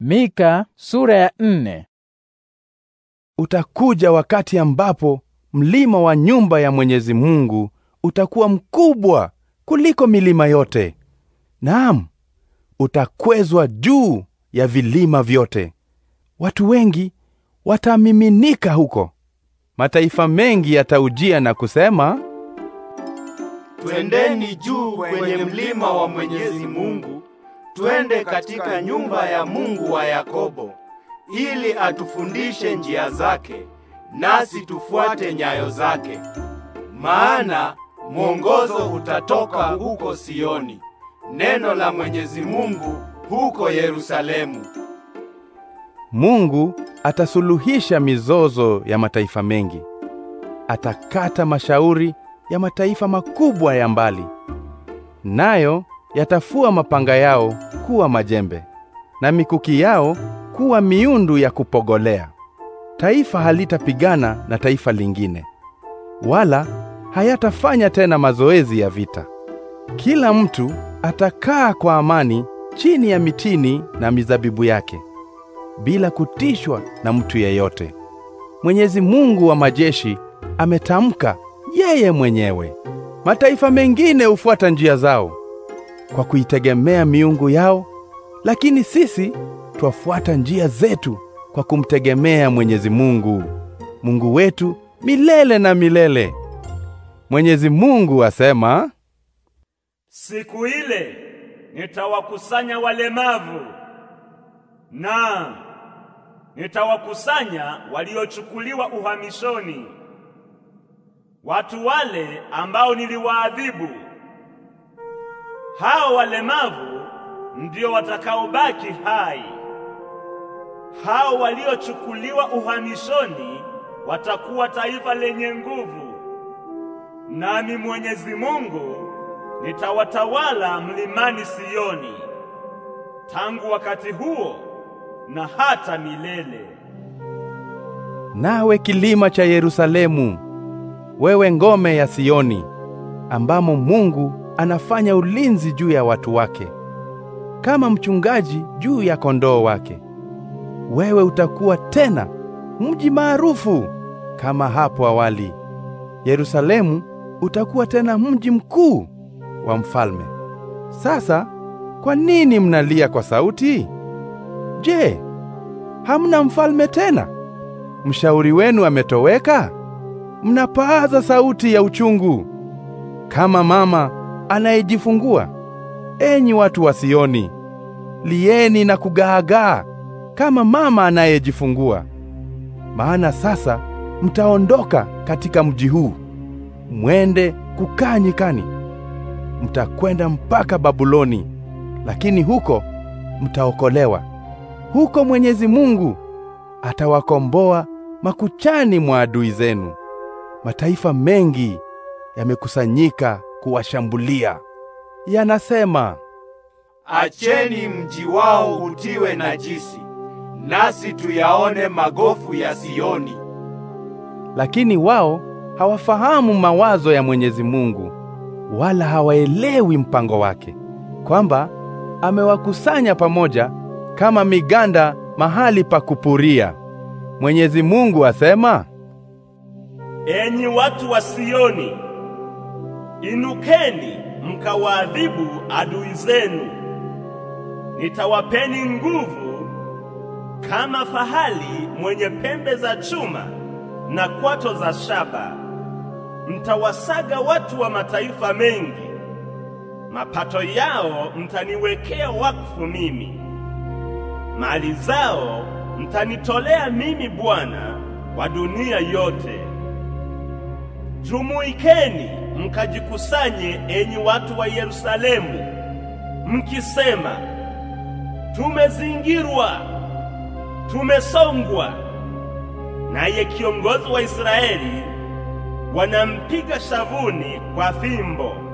Mika sura ya nne. Utakuja wakati ambapo mlima wa nyumba ya Mwenyezi Mungu utakuwa mkubwa kuliko milima yote. Naam, utakwezwa juu ya vilima vyote. Watu wengi watamiminika huko. Mataifa mengi yataujia na kusema, Twendeni juu kwenye mlima wa Mwenyezi Mungu twende katika nyumba ya Mungu wa Yakobo ili atufundishe njia zake, nasi tufuate nyayo zake. Maana mwongozo utatoka huko Sioni, neno la Mwenyezi Mungu huko Yerusalemu. Mungu atasuluhisha mizozo ya mataifa mengi, atakata mashauri ya mataifa makubwa ya mbali, nayo yatafua mapanga yao kuwa majembe na mikuki yao kuwa miundu ya kupogolea. Taifa halitapigana na taifa lingine, wala hayatafanya tena mazoezi ya vita. Kila mtu atakaa kwa amani chini ya mitini na mizabibu yake bila kutishwa na mtu yeyote. Mwenyezi Mungu wa majeshi ametamka yeye mwenyewe. Mataifa mengine hufuata njia zao, kwa kuitegemea miungu yao, lakini sisi twafuata njia zetu kwa kumtegemea Mwenyezi Mungu, Mungu wetu milele na milele. Mwenyezi Mungu asema, siku ile nitawakusanya walemavu na nitawakusanya waliochukuliwa uhamishoni, watu wale ambao niliwaadhibu hao walemavu ndio watakaobaki hai. Hao waliochukuliwa uhamishoni watakuwa taifa lenye nguvu. Nami Mwenyezi Mungu nitawatawala mlimani Sioni tangu wakati huo na hata milele. Nawe kilima cha Yerusalemu, wewe ngome ya Sioni, ambamo Mungu anafanya ulinzi juu ya watu wake, kama mchungaji juu ya kondoo wake. Wewe utakuwa tena mji maarufu kama hapo awali. Yerusalemu utakuwa tena mji mkuu wa mfalme. Sasa kwa nini mnalia kwa sauti? Je, hamna mfalme tena? Mshauri wenu ametoweka? Mnapaaza sauti ya uchungu kama mama anayejifungua. Enyi watu wa Sioni, lieni na kugaagaa kama mama anayejifungua. Maana sasa mtaondoka katika mji huu, mwende kukaa nyikani. Mtakwenda mpaka Babuloni, lakini huko mtaokolewa. Huko Mwenyezi Mungu atawakomboa makuchani mwa adui zenu. Mataifa mengi yamekusanyika kuwashambulia. Yanasema, acheni mji wao utiwe najisi, nasi tuyaone magofu ya Sioni. Lakini wao hawafahamu mawazo ya Mwenyezi Mungu, wala hawaelewi mpango wake, kwamba amewakusanya pamoja kama miganda mahali pa kupuria. Mwenyezi Mungu asema, enyi watu wa Sioni Inukeni mkawaadhibu adui zenu, nitawapeni nguvu kama fahali mwenye pembe za chuma na kwato za shaba. Mtawasaga watu wa mataifa mengi, mapato yao mtaniwekea wakfu mimi, mali zao mtanitolea mimi Bwana wa dunia yote. Jumuikeni mkajikusanye enyi watu wa Yerusalemu, mkisema, tumezingirwa, tumesongwa. Naye kiongozi wa Israeli wanampiga shavuni kwa fimbo.